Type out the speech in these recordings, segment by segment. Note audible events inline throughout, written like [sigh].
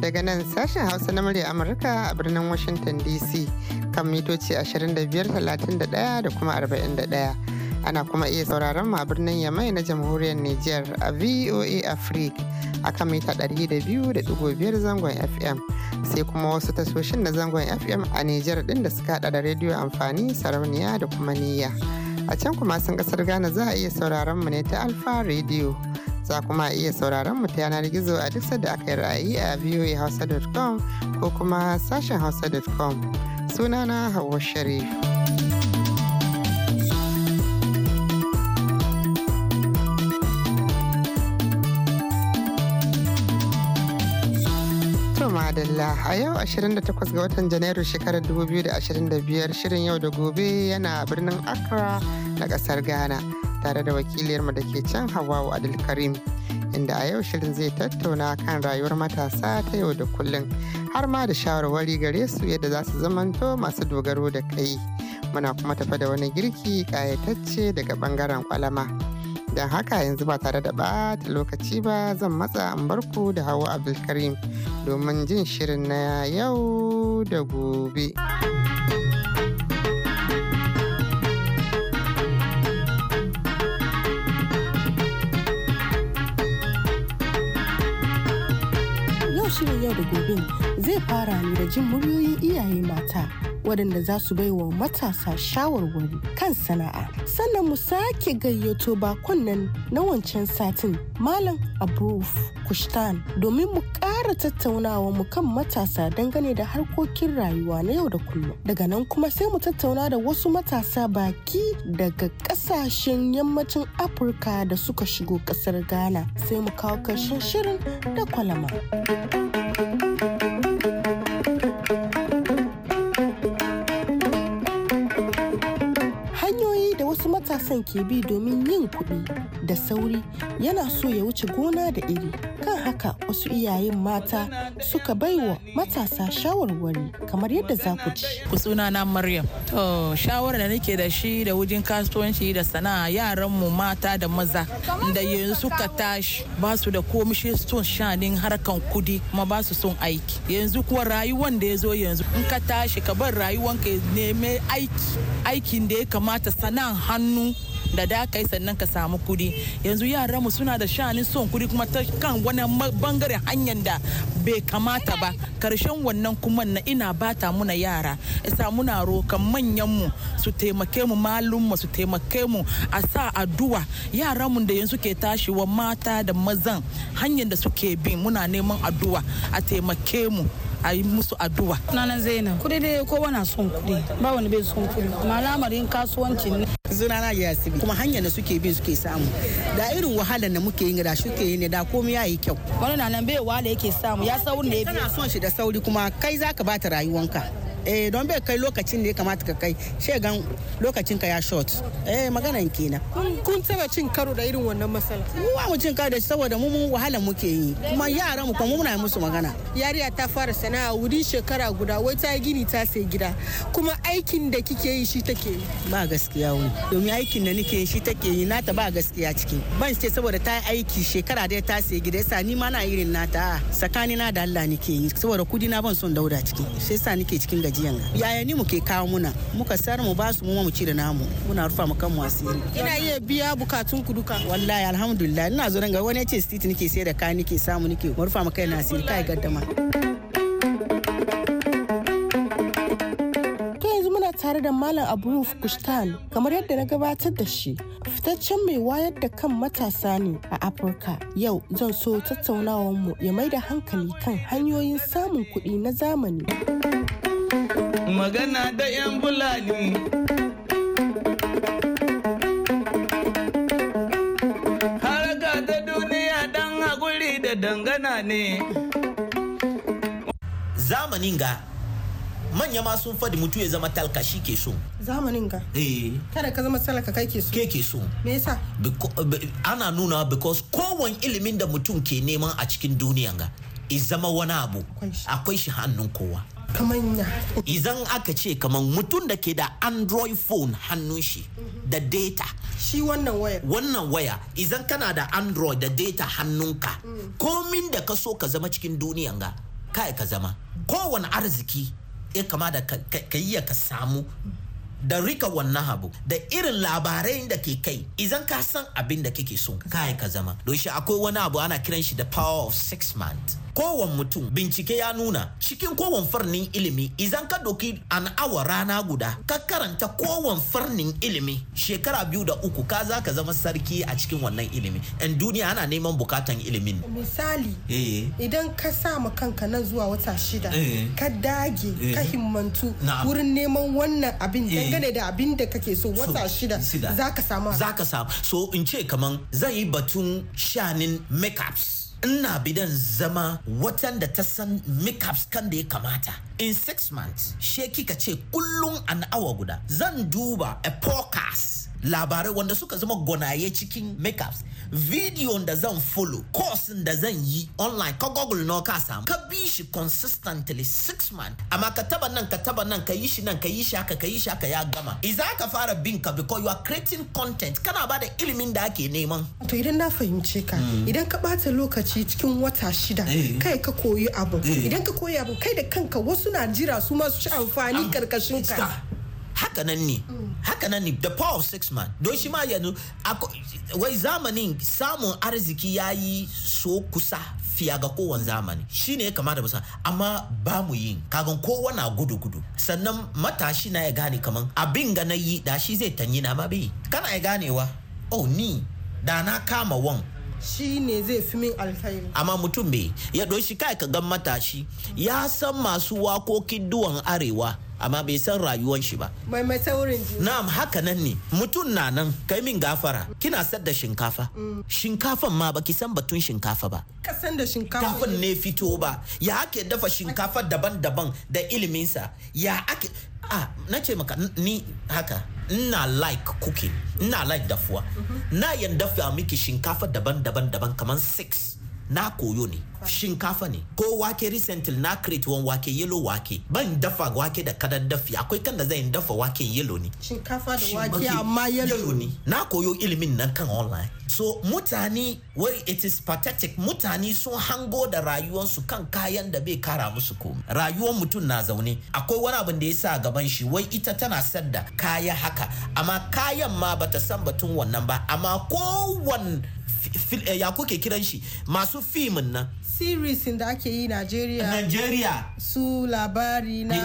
daga nan sashen hausa na murya amurka a birnin washington dc kan mitoci 2531 da kuma 41 ana kuma iya sauraron ma birnin yamai na jamhuriyar niger a voa africa a kan mita 200.5 zangon fm sai kuma wasu tasoshin na zangon fm a niger din da suka hada da rediyo amfani sarauniya da kuma niyya a can kuma sun kasar ghana za a iya sauraron mu ne ta alfa Rediyo. za kuma a iya sauraron mu ta yanar gizo a duk sadda aka yi ra'ayi a voahausa.com ko kuma sashen hausa.com sunana hawa sharif madalla a yau 28 ga watan janairu shekarar 2025 shirin yau da gobe yana birnin accra na kasar ghana tare da wakiliyarmu da ke can adil Abdulkarim inda a yau shirin zai tattauna kan rayuwar matasa ta yau da kullum har ma da shawarwari gare su yadda za su zamanto masu dogaro da kai muna kuma tafa da wani girki kayatacce daga bangaren kwalama don haka yanzu ba tare da ɓata lokaci ba zan matsa an barku da hawa abdulkarim domin jin shirin na yau da gobe. yau shirin yau da gobe zai fara ne da jin muryoyin iyaye mata waɗanda za su baiwa matasa shawarwari kan sana'a sannan mu sake gayyato bakon nan na wancan satin malam abruf kushtan domin mu ƙara tattaunawa mu kan matasa dangane da harkokin rayuwa na yau da kullum daga nan kuma sai mu tattauna da wasu matasa baki daga ƙasashen yammacin afirka da suka shigo ƙasar ghana sai mu kawo ƙarshen shirin da kwalama. ke bi domin yin kuɗi da sauri yana so ya wuce gona da iri kan haka wasu iyayen mata suka baiwa matasa shawarwari kamar yadda za ku ci. Ku suna na Maryam. To shawarar da nake da shi da wajen kasuwanci da sana'a yaran mu mata da maza da yanzu ka tashi ba su da komishin son shanin harkan kudi kuma ba su son aiki. Yanzu kuwa rayuwan da ya zo yanzu in ka tashi ka bar rayuwanka neme aiki aikin da ya kamata sana'an hannu da da sannan ka samu kudi yanzu yaran mu suna da shanin son kudi kuma ta kan wani bangare hanyar da bai kamata ba karshen wannan kuma na ina bata muna yara isa muna rokan manyan mu su taimake mu malum su taimake mu a sa addu'a yaran da yanzu ke tashi wa mata da mazan hanyar da suke bi muna neman addu'a a taimake mu a yi musu addu'a Nana zainab kudi dai ko na son kudi ba wani bai son kudi kuma lamarin kasuwancin ne sunana yasibi kuma hanyar da suke bin suke samu da irin wahalar da muke yin da suke yi ne da komai ya yi kyau wani na nan bai wahala yake samu ya saurin da ya bi tana son shi da sauri kuma kai zaka bata rayuwanka eh don bai kai lokacin da ya kamata ka kai she gan lokacin ka ya short eh maganan kenan kun taba cin karo da irin wannan matsala mu ba mu cin karo da saboda mu mun wahala muke yi kuma yaran mu kuma muna musu magana yariya ta fara sana'a wurin shekara guda wai ta gini ta sai gida kuma aikin da kike yi shi take yi ba gaskiya wani domin aikin da nake yi shi take yi nata ba gaskiya ciki ban ce saboda ta aiki shekara da ta sai gida yasa ni ma na irin nata tsakanina da Allah nake yi saboda kudi na ban son dauda ciki shi yasa nake cikin gaji jiyan yaya ni muke kawo muna muka sar mu basu mu mu cire namu muna rufa mu kan asiri ina iya biya bukatun ku duka wallahi alhamdulillah ina zo ga wani ce street nake sai da ka nake samu nake mu rufa mu kai na asiri kai gaddama tare da Malam Abruf Kushtan kamar yadda na gabatar da shi fitaccen mai wayar da kan matasa ne a Afirka. Yau zan so tattaunawar mu ya mai da hankali kan hanyoyin samun kuɗi na zamani. magana da 'yan fulani haraka ta duniya dan haƙuri da dangana ne zamanin ga manya ma sun fadi mutu ya zama talka shi ke so zamanin ga eh kada ka zama talaka kai ke so ke ke so me yasa ana nuna because kowane ilimin da mutum ke neman a cikin duniya ga zama wani abu akwai shi hannun kowa kaman ya. idan aka ce kaman mutum da ke da android phone hannun shi da data shi wannan waya wannan waya idan kana da android da data hannunka komin da ka so ka zama cikin duniyan ga kai ka zama kowane arziki ya kama da ka yi ka samu da rika wannan abu da irin labarai da ke kai idan ka san abin da kake so kai ka zama don shi akwai wani abu ana kiran shi the power of six months kowane mutum bincike ya nuna cikin kowane farnin ilimi idan ka doki an awa rana guda ka karanta kowane farnin ilimi shekara biyu da uku ka za ka zama sarki a cikin wannan ilimi yan duniya ana neman bukatan ilimin misali eh. idan ka sa ma kanka na zuwa wata shida eh. ka dage ka eh. himmantu wurin neman wannan abin dangane da abin da kake so wata shida za ka samu za ka samu so in ce kaman zai yi batun shanin makeups ina bidan zama watan da ta san makeups kan da ya kamata in six months she kika ce kullum an awa guda zan duba a forecast labarai wanda suka zama gwanaye cikin makeups video da zan follow course da zan yi online ka google na ka samu ka bi shi consistently six months amma ka taba nan ka taba nan ka yi shi nan ka yi shi haka ka yi shi haka ya gama iza ka fara bin ka because you are creating content kana ba da ilimin da ake neman to idan na fahimce ka mm. idan ka bata lokaci cikin wata shida eh. kai ka koyi abu eh. idan ka koyi abu kai da kanka wasu na jira su ma su ci amfani karkashin ka haka nan ne mm. haka nan ne the power of six man don shi ma yanzu wai zamanin samun arziki ya yi so kusa fiya ga kowane zamani shi ne ya da musa amma ba mu yi kagan kowa na gudu gudu sannan matashi na ya gane kaman abin ga na yi da shi zai tanyi na ma bi kana ya ganewa oh ni da na kama wan shi ne zai fi min alkhairi amma mutum bai ya doshi kai ka gan matashi ya san masu wakokin duwan arewa amma bai san rayuwan shi ba mai mai saurin ji. na'am haka nan ne mutum na nan kai min gafara kina sad da shinkafa mm. shinkafan ma baki san batun shinkafa ba san da shinkafa kafin ne fito ba ya ake dafa shinkafa daban-daban da iliminsa ya ake ah na ce maka ni haka ina like cooking ina like dafuwa mm-hmm. na yan dafa miki shinkafa daban-daban daban kamar six na koyo ne shinkafa ne ko wake recently na create wani wake yellow wake ban dafa wake da kadan dafi akwai kan da zan dafa wake yellow ne shinkafa da wake amma yellow ne na koyo ilimin nan kan online so mutane wai it is pathetic mutane sun hango da rayuwarsu kan kayan da bai kara musu komai rayuwar mutum na zaune akwai wani abin da ya sa gaban shi wai ita tana sadda kaya haka amma kayan ma bata san batun wannan ba amma kowanne Eh, ya kuke kiran shi masu fimin nan series da ake yi nigeria nigeria su labari na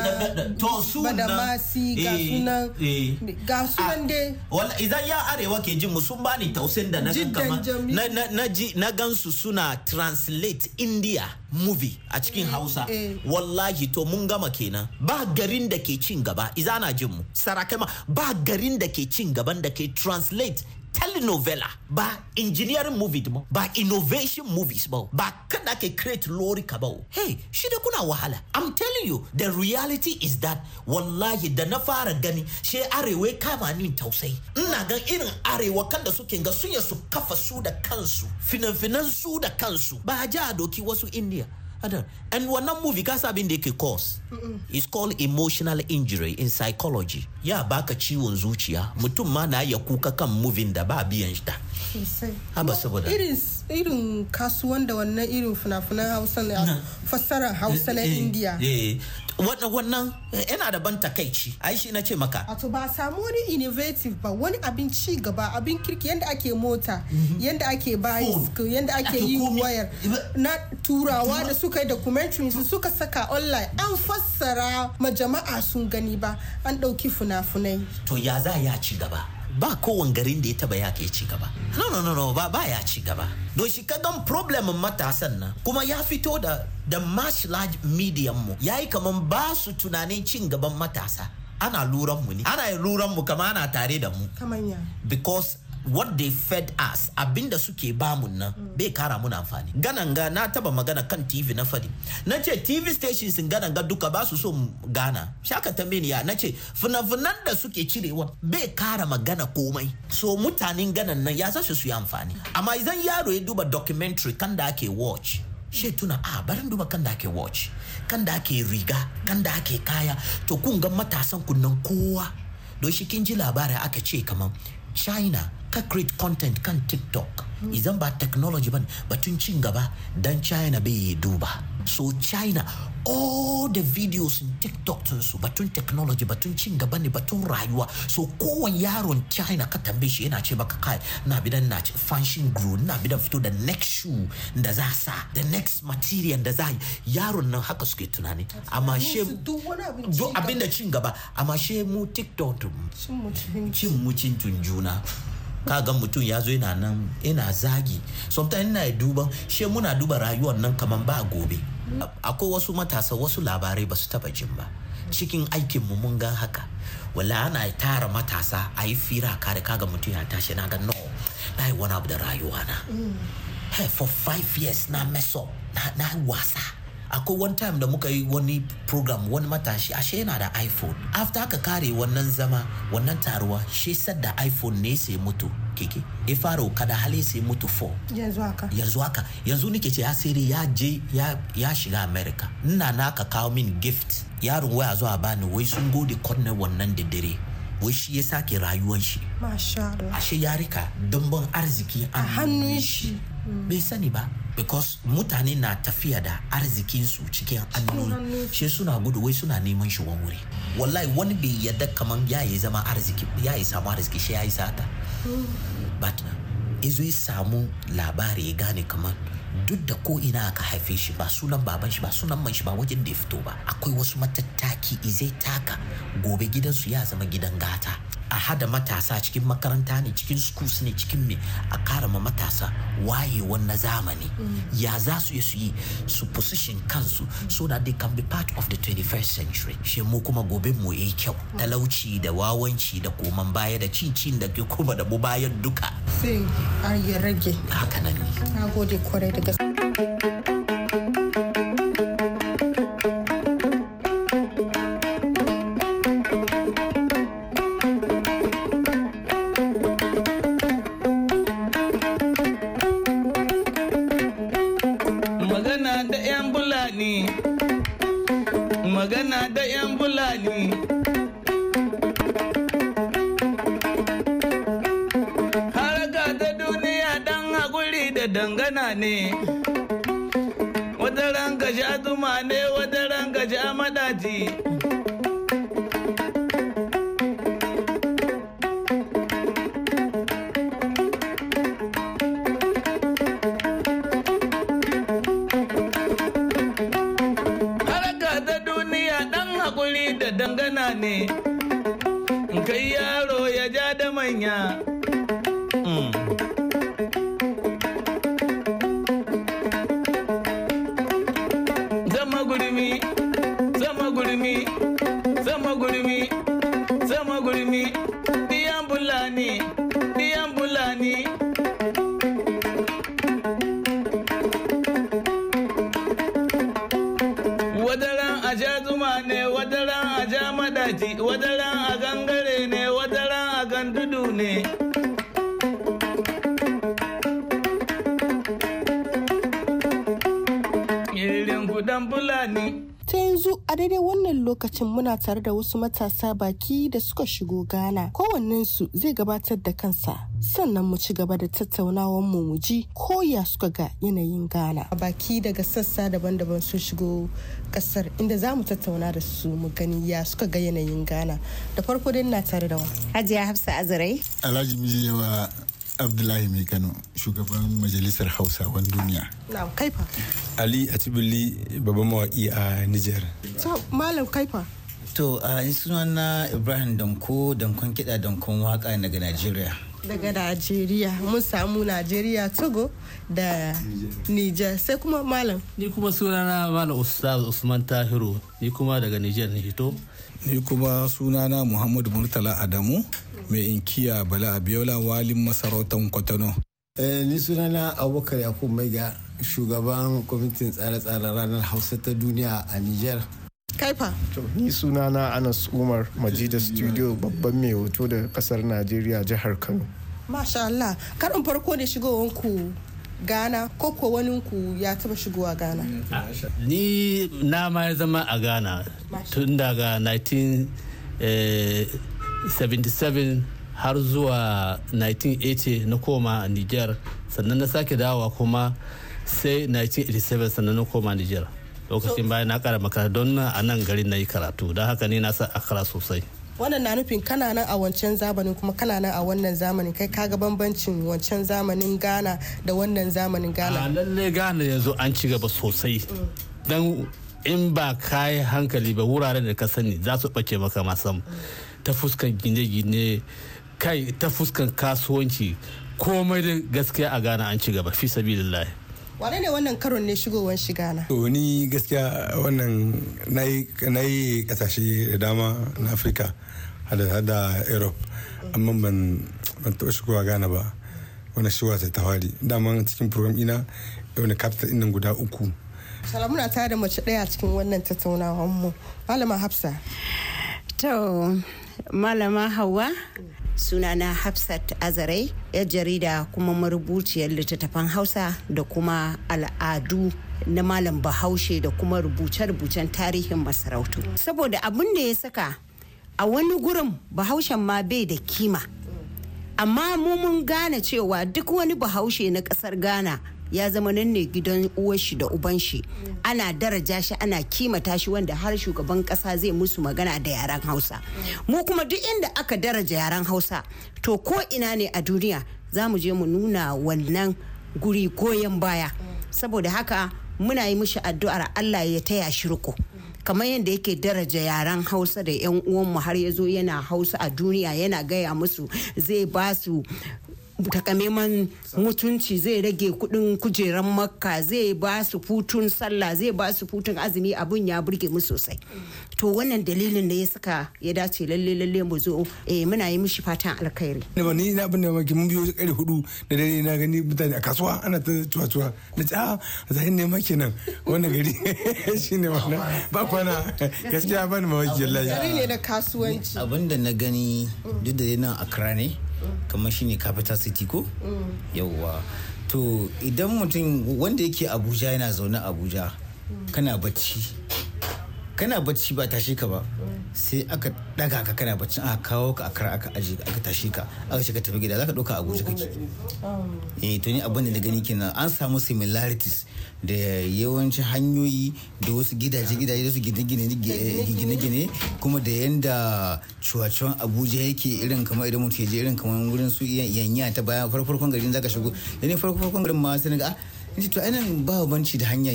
to su badamasi ga eh, sunan eh. ga sunan ah, de. wala idan ya arewa ke jin mu sun bani tausin da na kama na na na gansu suna translate India movie a cikin Hausa wallahi to mun gama kenan ba garin da ke cin gaba idan na jin mu sarakai ma ba garin da ke cin gaban da ke translate telenovela ba engineering movie ba ba innovation movies ba ba kada ake create lori ka ba hey shida kuna wahala i'm telling you the reality is that wallahi da na fara gani she arewa kama ni tausayi ina ga irin arewa kan da suke ga sun su kafa su da kansu finan-finan su da kansu ba ja doki wasu india And And wannan movie ka abin da yake cause. It's called emotional injury in psychology. Ya baka chi zuciya. Mutum ma na ya kuka kan movie da ba biyan shi Haba saboda. Irin irin kasuwan da wannan irin fina-finan hausa na fassara hausa na eh, eh, indiya eh, wannan yana da ban takaici ai shi na ce maka wato ba samu wani innovative ba wani abin ci gaba abin kirki yadda ake mota mhm. yadda ake bicycle yadda ake yi wayar na turawa da suka yi documentary su suka saka online an fassara ma jama'a sun gani ba an ɗauki fina-finai to ya za ya ci gaba ba kowan garin da ya taba ya ci gaba no no no no ba ba ya ci gaba don shi ka gan problem matasan nan kuma ya fito da da mass large medium mu yi kaman ba su tunanin cin gaban matasa ana luran mu ne ana luran mu kama ana tare da mu ya. because what they fed us abinda suke bamu nan bai kara muna amfani gananga na taba magana kan tv na fadi na ce tv stations gananga duka ba su so gana shaka ta ya na ce funafunan da suke cirewa bai kara magana komai so mutanen ganan nan ya sashi su yi amfani amma idan yaro ya duba documentary kan da ake watch she tuna a ah, barin duba kan da ake watch kan da ake riga kan da ake kaya to kun ga matasan kunnan kowa don shi kin ji labarin aka ce kaman china ka create content kan tiktok idan ba technology ba batun cin gaba dan china bai duba so china all the videos in tiktok so batun technology batun cin gaba ne batun rayuwa so kowane yaron china ka tambaye shi yana ce baka kai na bidan na fashion grow na bidan fito da next shoe da za sa the next material da za yaron nan haka suke tunani amma she duk abin da cin gaba amma she mu tiktok cin mutuncin juna ka ga mutum ya zo yana nan yana zagi sometimes ina duban she muna duba rayuwar nan kaman ba gobe akwai wasu matasa wasu labarai ba su taba jin ba cikin aikin mu mun gan haka wala ana tara matasa a yi fira kare kaga mutum ya tashi na ga no na yi wani abu da rayuwa na mm. for five years na mess up na wasa akwai one time da muka yi wani program wani matashi ashe yana da iphone after aka kare wannan zama wannan taruwa shi da iphone ne sai mutu keke ya faro kada hali sai mutu 4 yanzu haka yanzu haka yanzu nike ce asiri ya je ya, shiga america ina na ka kawo min gift yaron waya zuwa bani wai sun gode corner wannan da dare wai shi ya sake rayuwar shi ashe yarika rika arziki a hannun shi bai sani ba because mutane na tafiya da arzikinsu cikin hannu shi suna gudu wai suna neman shi wani wuri wallahi wani bai yadda kaman ya yi zama arziki ya yi samu arziki shi ya yi sata but izu ya samu labari ya gane kaman duk da ko ina aka haife shi ba sunan baban shi ba sunan man shi ba wajen da ya fito ba akwai wasu matattaki izai taka gobe gidansu ya zama gidan gata a hada matasa cikin makaranta ne cikin schools ne cikin me a karama matasa wayewan na zamani mm. ya za su su yi su position kansu so that they can be part of the 21st century shi mu kuma gobe mu yi kyau mm. talauci da wawanci da koman baya da cincin da kuma da mu bayan duka sai ya rage haka nan ne na gode kwarai da magana ne kai yaro ya ja da manya muna tare da wasu matasa baki da suka shigo Ghana. Kowannensu zai gabatar da kansa. Sannan mu ci gaba da tattaunawar mu mu ji ko ya suka ga yanayin Ghana. Baki daga sassa daban-daban sun shigo kasar inda za mu tattauna da su mu gani ya suka ga yanayin Ghana. Da farko dai na tare da wani. Hajiya Hafsa Azarai. Alhaji yawa abdullahi mai kano shugaban majalisar hausawan duniya kaifa ali atibili babban mawaƙi a niger malam kaifa To a sunana Ibrahim Danko Dankon kiɗa Dankon waka daga Najeriya. Daga Najeriya mun samu Najeriya Togo da Niger sai kuma Malam. Ni kuma sunana Malam Ustaz Usman Tahiru ni kuma daga Niger na hito. Ni kuma sunana Muhammadu Murtala Adamu mai inkiya Bala Abiola Walin masarautar Kwatano. Eh, ni sunana Abubakar Yakubu Maiga shugaban kwamitin tsare-tsaren ranar Hausa ta duniya a Niger. kaifa ni suna na anas umar majida studio babban mai hoto da kasar najeriya jihar kano masha allah karin farko ne shigowanku ghana ko ko waninku ya taba shigowa ghana ni na ma ya zama a ghana tun daga 1977 eh, har zuwa 1980 na koma niger sannan na sake dawowa kuma sai 1987 sannan na koma niger lokacin bayan na kara makaranta don a nan garin na yi karatu don haka ne na sa kara sosai wannan na nufin kana nan a wancan zamanin kuma kana nan a wannan zamanin kai kaga bambancin wancan zamanin ghana da wannan zamanin ghana a lalle ghana yanzu an ci gaba sosai don in ba kayi hankali ba wuraren da ka sani za su ɓace maka masam ta fuskan gine-gine kai ta fuskan kasuwanci komai da gaskiya a ghana an ci gaba fi sabilillahi wane ne wannan karon ne shigowar shiga na to ni gaskiya wannan na yi kasashe da dama na afirka hada da europe amma ban taɓa shigowa ghana ba wani shiwa ta tawari dama cikin program ina wani kafta inan guda uku salamuna ta da mace ɗaya cikin wannan tattaunawar mu malama hafsa to malama hawa sunana hafsat azarai yar jarida kuma marubuciyar littattafan hausa da kuma al'adu na malam bahaushe da kuma rubuce-rubucen tarihin masarautu saboda abin da ya saka a wani gurin bahaushen ma bai da kima amma mu mun gane cewa duk wani bahaushe na kasar ghana ya zama nan ne gidan uwar shi da uban shi ana daraja shi ana kimata shi wanda har shugaban kasa zai musu magana da yaren hausa mu kuma duk inda aka daraja yaren hausa to ko ina ne a duniya za mu je mu nuna wannan guri goyon baya saboda haka muna yi mishi addu'ar allah ya taya shi riko kamar yadda yake daraja yaren hausa da yan uwanmu har ya zo yana hausa a duniya yana gaya musu zai ba su takamaiman mutunci zai rage kudin kujeran makka zai ba su futun sallah zai ba su futun azumi abun ya burge mu sosai to wannan dalilin da ya saka ya dace lalle lalle mu zo eh muna yi mishi fatan alkhairi ba ni na abin da maki mun biyo kare hudu da dare na gani mutane a kasuwa ana ta tuwa tuwa na ce a ah, zahin ne maki nan wannan gari [laughs] shine wannan ba kwana gaskiya ba ni mawaki wallahi gari ne na kasuwanci abin da na gani duk da yana akra ne kamar shine capital city ko mm. yauwa to idan mutum wanda yake abuja yana zaune abuja mm. kana bacci kana bacci ba tashi ka ba sai aka daga ka kana bacci aka kawo ka akara aka aji aka tashi ka aka shiga tafi gida zaka doka abuja kake eh to ni abin da na gani kenan an samu similarities da yawancin hanyoyi da wasu gidaje gidaje da su gine eh, gine kuma da yanda cuwacuwan abuja yake irin kamar idan mutum ya je irin kamar wurin su yanya ta baya farfarkon garin zaka shigo farko farfarkon garin ma sai ga ah, nace to ainihin ba banci da hanyar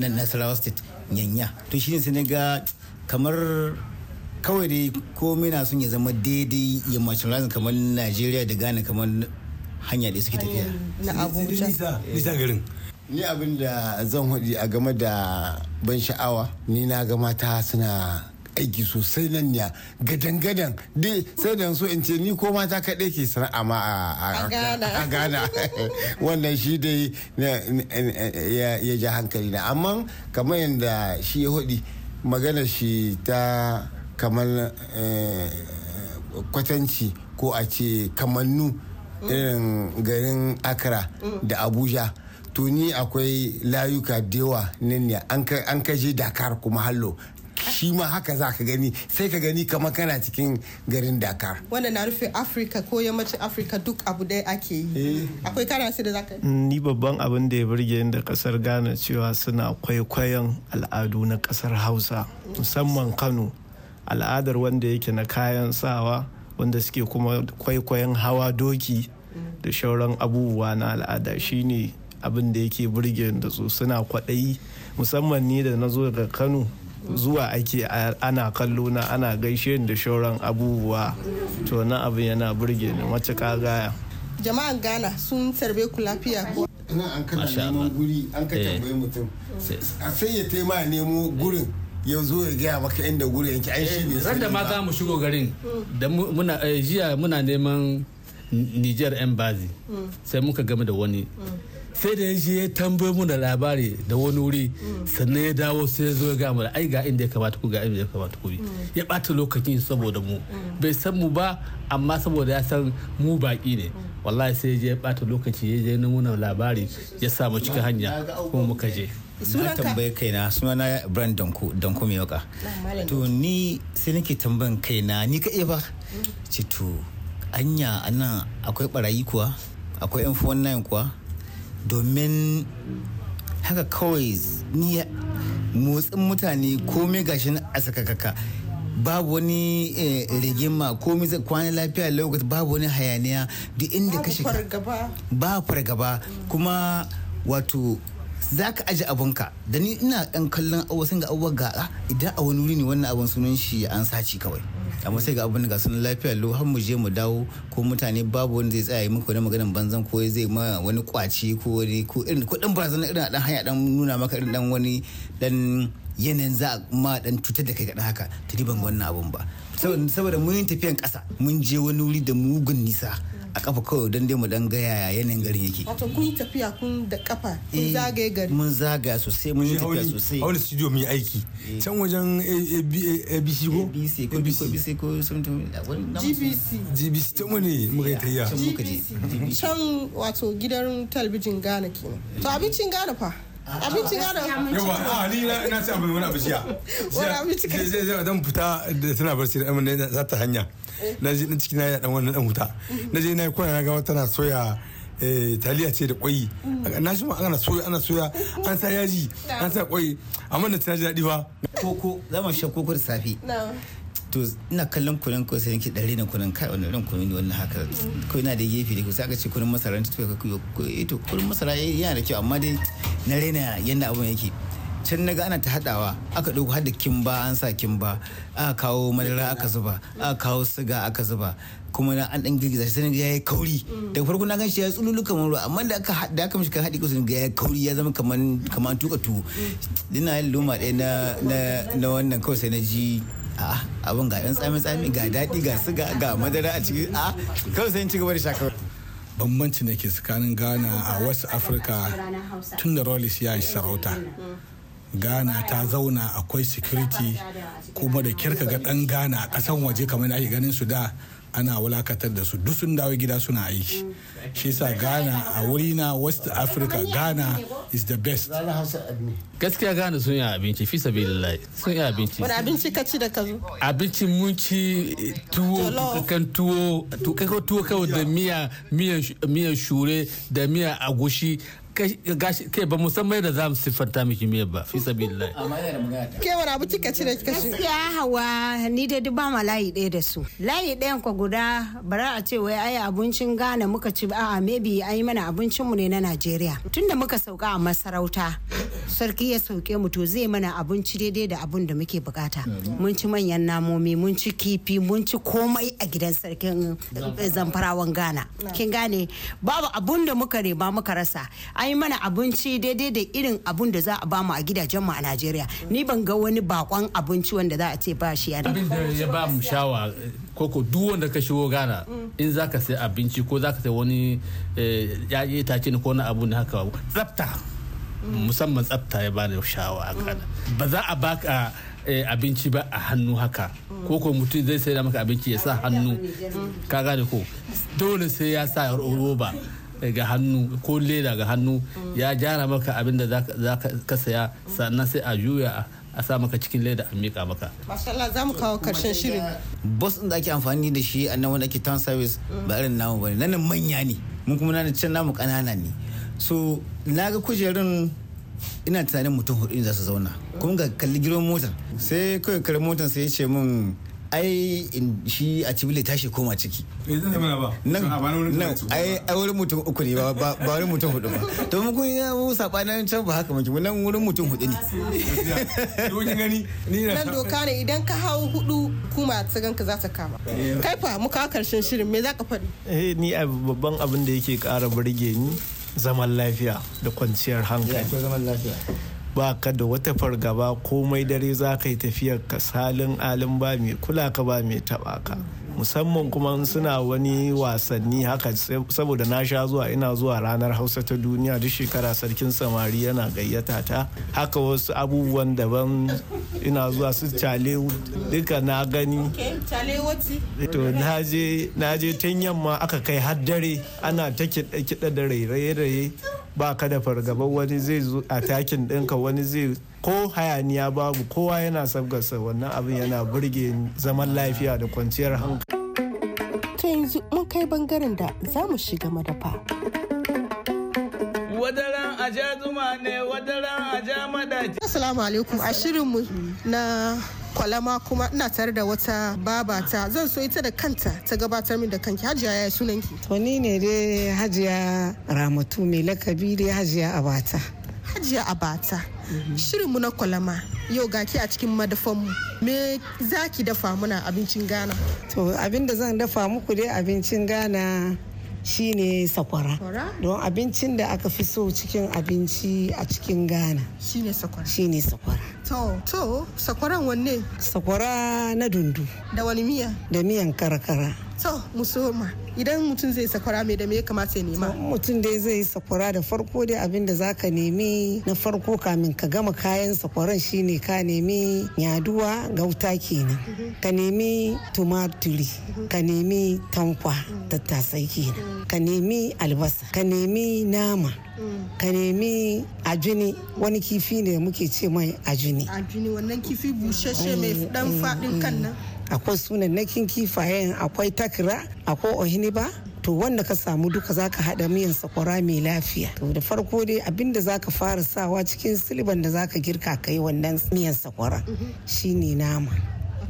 na nasarawa state yanya to shine sai na ga kamar kawai dai komai na son ya zama daidai yammacin razin kamar najeriya da ghana kamar hanya da suke tafiya na abuja nisa garin ni abinda zan haɗi a game da ban sha'awa ni na ga mata suna aiki sosai nan ya gadangadan dai sai da so in ce ni ko mata kaɗai ke sana'a ma a gana [laughs] wannan shi dai ya ja hankali na amma kamar yadda shi ya hudi magana shi ta kamar eh, kwatanci ko a ce kamannu irin garin accra da abuja to akwai layuka da yawa nan ne an kaje dakar kuma hallo shi ma haka za ka gani sai ka gani kamar kana cikin garin dakar wannan na rufe afirka ko yammacin afirka duk abu dai ake yi eh. akwai kana da za ka yi. ni babban abin da ya burge da kasar ghana cewa suna kwaikwayon al'adu na kasar hausa musamman kano al'adar wanda yake na kayan sawa wanda suke kuma kwaikwayon hawa doki da shauran abubuwa na al'ada shine abin da yake burge da su suna kwaɗayi musamman ni da na zo daga kano zuwa ake ana kallo na ana gaishe da shauran abubuwa to na abin yana burge ni ka gaya jama'an ghana sun tarbe ku lafiya ko ina an kana neman guri an ka eh. tambaye mutum a sai ya taima nemo gurin ya zo ya gaya maka inda gurin yanki ai shi eh, ne ran da ma za mu shigo garin da muna eh, jiya muna neman Niger embassy mm. sai muka game da wani mm. sai da ya je ya tambaye mu da labari da wani wuri sannan ya dawo sai ya zo ya ga mu da ai ga inda ya kamata ku ga inda ya kamata ku bi ya bata lokacin saboda mu bai san mu ba amma saboda ya san mu baki ne wallahi sai ya je ya bata lokaci ya je muna labari ya samu cikin hanya kuma muka je na tambaye kaina sunana brand danko danko mai waka to ni sai nake tambayan kaina ni ka ba ce to anya anan akwai barayi kuwa akwai yan 419 kuwa domin haka kawai ni motsin mutane komai gashin a sakakaka babu wani eh, rigima komai zai kwana lafiya lokaci babu wani hayaniya duk inda ka shiga ba fargaba kuma wato za ka aji abunka da ni ina ɗan kallon wasu ga abubuwa ga ah, idan a wani wuri ne wannan abun sunan shi an saci kawai amma sai ga abin ga sun lafiya lo har mu je mu dawo ko mutane babu wani zai tsaya yi muku wani maganin banzan ko zai ma wani kwaci ko wani ko irin ko dan barazana irin dan haya dan nuna maka irin dan wani dan yanayin za a ma dan cutar da kai kaɗan haka ta ban wannan abun ba saboda mun yi tafiyan kasa mun je wani wuri da mugun nisa a kafa kawai don dai mu dan ga yaya yanayin garin yake wato kun yi tafiya kun da kafa kun eh, zagaye gari mun zagaya sosai mun yi tafiya sosai a wani studio mun yi aiki eh. can wajen abc ko abc ko abc ko gbc gbc ta wani muka yi tayya can wato gidan talabijin ghana kenan to abincin ghana fa abincin yaro yawa a ni na ci abin wani abu jiya wani abinci kai zai zai dan fita da tana barci da amma za ta hanya eh. na je na ciki na ya dan wannan dan huta mm-hmm. na je na yi kwana na ga tana soya eh, taliya ce da kwai mm-hmm. na shi ma ana soya ana soya an sa yaji an sa kwai amma da ta ji daɗi ba koko zama shan koko da safe to ina kallon kunan ko sai nake dare na kunan kai wannan ran kunan wannan haka ko ina da gefe da ku sai aka ce kunan masara ta tuka ku eh to kunan masara eh yana da kyau amma dai na rena yanda abun yake can na ana ta hadawa aka ɗauko hada kimba an sa kimba aka kawo madara aka zuba aka kawo siga aka zuba kuma na an dan girgiza shi sai ya yi kauri daga farko na gan shi ya tsululu kamar ruwa amma da aka da aka mishi kan haɗi ga ya yi kauri ya zama kaman kaman tuka tu dina yin luma ɗaya na na wannan kawai sai na ji a abin ga yan tsami tsami ga daɗi ga suga ga madara a ciki a kawai sai ci gaba da shakar bambanci da ke tsakanin ghana a west africa tun da rollis ya yi sarauta ghana ta zauna akwai security kuma da kirka ga ɗan ghana a kasan waje kamar da ake ganin su da ana wulakatar da su dusun sun dawo gida suna aiki shi sa ghana a wuri na west africa ghana is the best gaskiya ghana sun yi abinci fi sabi lillahi sun yi abinci wani abinci ka ci da ka zo abincin mun ci tuwo kan tuwo tuwo kawai da miya miyan shure da miya agushi ke ba musamman da za mu siffanta miki miyar ba fi sabilillah ke wani abu cika cire cika shi gaskiya hawa ni da duk ba ma layi ɗaya da su layi ɗayan ka guda bara a ce wai ayi abincin Ghana muka ci a'a maybe ai mana abincin mu ne na Najeriya da muka sauka a masarauta sarki ya sauke mu to zai mana abinci daidai da abun da muke bukata mun ci manyan namomi mun ci kifi mun ci komai a gidan sarkin eh, zamfarawan Ghana kin gane babu abun da muka reba muka rasa a yi mana abinci daidai da irin abun da za a bamu a gidajen mu a Najeriya ni ban ga wani bakon abinci wanda za a ce ba shi yana abin da ya ba mu shawa koko duk wanda ka shigo gana in za ka sai abinci ko za ka sai wani eh, ya itace ne ko wani abu ne haka tsafta musamman tsafta ya bani shawa a Ghana ba za a baka eh, abinci ba a hannu haka ko mutum zai sai da maka abinci ya sa hannu ka gane ko dole sai ya sa roba Eh, ga hannu ko leda ga hannu ya gyara maka abin da za ka saya sannan sai a juya a sa maka cikin leda a miƙa maka. Mashallah za mu kawo karshen shirin. Bus ɗin da ake amfani da shi a nan wanda ake town service ba irin namu ba ne Nanin manya ne mun kuma nanin can namu ƙanana ne. So na ga kujerun ina tunanin mutum hudu za su zauna kuma ga kalli girman motar sai kawai kare motar sai ya ce min ai shi a cibile tashi koma ciki eh, nan ai wurin mutum uku ne ba wurin mutum hudu ba to mu kun ya mu sabanin can ba haka muke nan wurin mutum hudu ne nan doka ne idan ka hau hudu kuma tsigan ka za ta kama eh. kai fa muka karshen shirin me za ka faɗi eh ni babban abin da yake ƙara burge ni zaman lafiya da kwanciyar hankali ba ka da wata fargaba komai dare za ka yi tafiyar ka salin alin ba mai kula ka ba mai taɓa ka musamman kuma suna wani wasanni haka saboda na sha zuwa ina zuwa ranar hausa ta duniya duk shekara sarkin samari yana gayyata ta haka wasu abubuwan daban ina zuwa su cale duka na gani to na je tun yamma aka kai har dare ana ta kiɗa da rairaye-raye ba ka da fargaba wani zai zo a takin ɗinka wani zai ko hayaniya babu kowa yana sabgarsa wannan abin yana burge zaman lafiya da kwanciyar hankali ta yanzu mun kai bangaren da za mu shiga madafa wadaran aja zuma ne wadaran aja madaji assalamu alaikum a shirinmu na kwalama kuma ina tare da wata babata zan so ita da kanta ta gabatar min da kanki hajiya ya sunanki to ni ne dai hajiya ramatu mai lakabi dai hajiya abata hajiya abata mhm. shirinmu na kwalama yau gaki a cikin madafanmu me za ki dafa muna abincin ghana to abin da zan dafa muku dai abincin ghana shine sakwara don abincin da aka fi so cikin abinci a cikin ghana shine sakwara shine sakwara to sakwaran wanne sakwara na dundu da wani miya da miyan karkara. to musoma idan mutum zai sakwara mai da me ya kamata ya nema mutum dai zai sakwara da farko dai abin da zaka nemi na farko kamin ka gama kayan sakwaran shine ka nemi yaduwa gauta kenan ka nemi tumaturi ka nemi tankwa tattasai kenan ka nemi albasa ka nemi nama ka nemi ajini wani kifi ne muke ce mai ajini ajini wannan kifi bushashe mai dan eh, fadin kan eh. nan akwai sunan nakin kifayen akwai takira akwai ohiniba to wanda ka samu duka zaka haɗa miyan sakwara mai lafiya to da farko dai abinda zaka fara sawa cikin silban da ka girka kai wannan miyan sakwara shine nama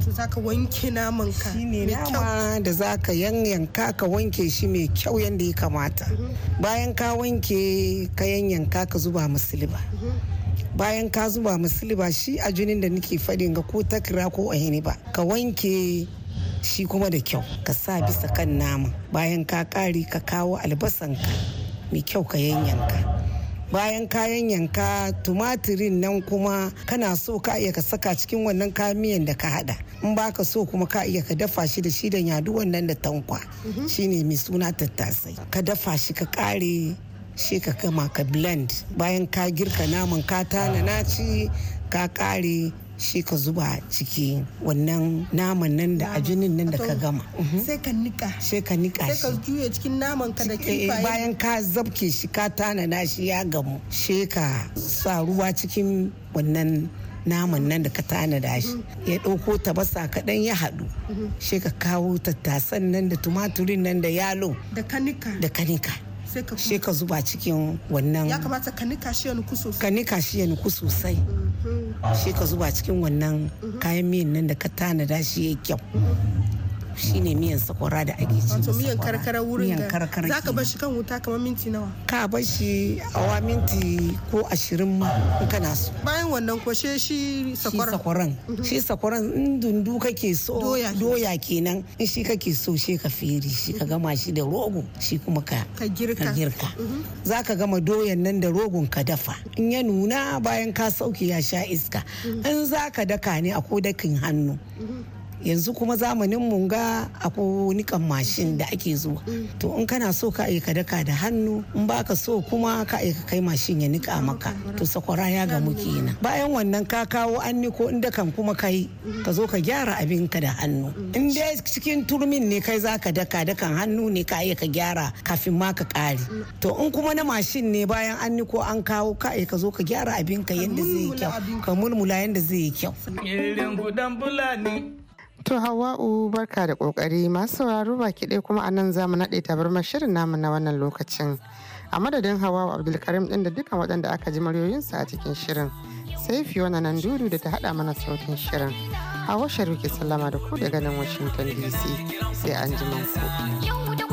zaka wanke naman ka shine nama da zaka yanyanka ka wanke shi mai kyau yadda ya kamata mhm. bayan ka wanke ka yanyanka ka zuba siliba. Mhm. bayan ka zuba misali ba shi a jinin da nake faɗin ga ko takira ko a ba ka wanke shi kuma da kyau ka sa bisa kan nama bayan ka kare ka kawo albasanka mai kyau ka yanyanka bayan ka yanyanka, tumatirin nan kuma kana so ka iya ka saka cikin wannan kamiyan da ka hada in baka so kuma ka iya ka dafa shi da shi da yadu wannan da tankwa mm-hmm. shine mai suna tattasai ka dafa shi ka kare shi ka kama ka blend bayan ka girka naman ka tana na ci ka kare shi ka zuba ciki wannan naman nan da jinin nan da ka gama mhm. sai ka nika sai ka nika shi sai ka juye cikin naman ka da eh, kifaye bayan ka zabke shi ka tanana shi ya gamu shi ka sa ruwa cikin wannan naman nan da ka tanada shi ya ɗauko tabasa kaɗan ya haɗu mhm. shi ka kawo tattasan nan da tumaturin nan da yalo da da kanika sai ka zuba cikin wannan ya kamata ka nika shi ya nuku sosai ka nika shi ya nuku sosai mhm. sai ka zuba cikin wannan mhm. kayan miyan nan da ka tanada shi ya kyau shine mm. miyan sakwara da ake ci wato miyan karkara wurin miyan karkara zaka bar shi kan wuta kamar minti nawa ka bar shi awa minti ko ashirin ma in kana so bayan wannan ko she shi sakwaran mhm. shi sakwaran in dundu kake so doya kenan in shi kake so she ka feri shi ka gama shi da rogo shi kuma ka girka zaka mhm. gama doyan nan da rogon ka dafa in ya nuna bayan ka sauke ya sha iska mhm. in zaka daka ne a ko dakin hannu yanzu kuma zamanin munga ga akwai nikan mashin da ake zuwa mm. to in kana so ka aika daka da hannu in baka so kuma ka aika kai mashin ya nika maka to sakwara ya ga muke kenan bayan wannan ka kawo an niko in dakan kuma kai ka zo ka gyara abin ka da hannu in dai cikin turmin ne kai zaka daka dakan hannu ne ka aika gyara kafin ma ka kare to in kuma na mashin ne bayan an niko an kawo ka aika zo ka gyara abin ka yanda zai yi kyau ka mulmula yanda zai yi kyau To Hawa'u barka da kokari masu sauraro baki ɗaya kuma a nan zamu naɗe ta tabarmar shirin namu na wannan lokacin. A madadin Hawa'u Abdulkarim ɗin da dukkan waɗanda aka ji muryoyinsu a cikin shirin. Sai Fiona nan duru da ta haɗa mana sautin shirin. Hawa sharuki ke sallama da ku daga nan Washington DC. Sai an ji ku.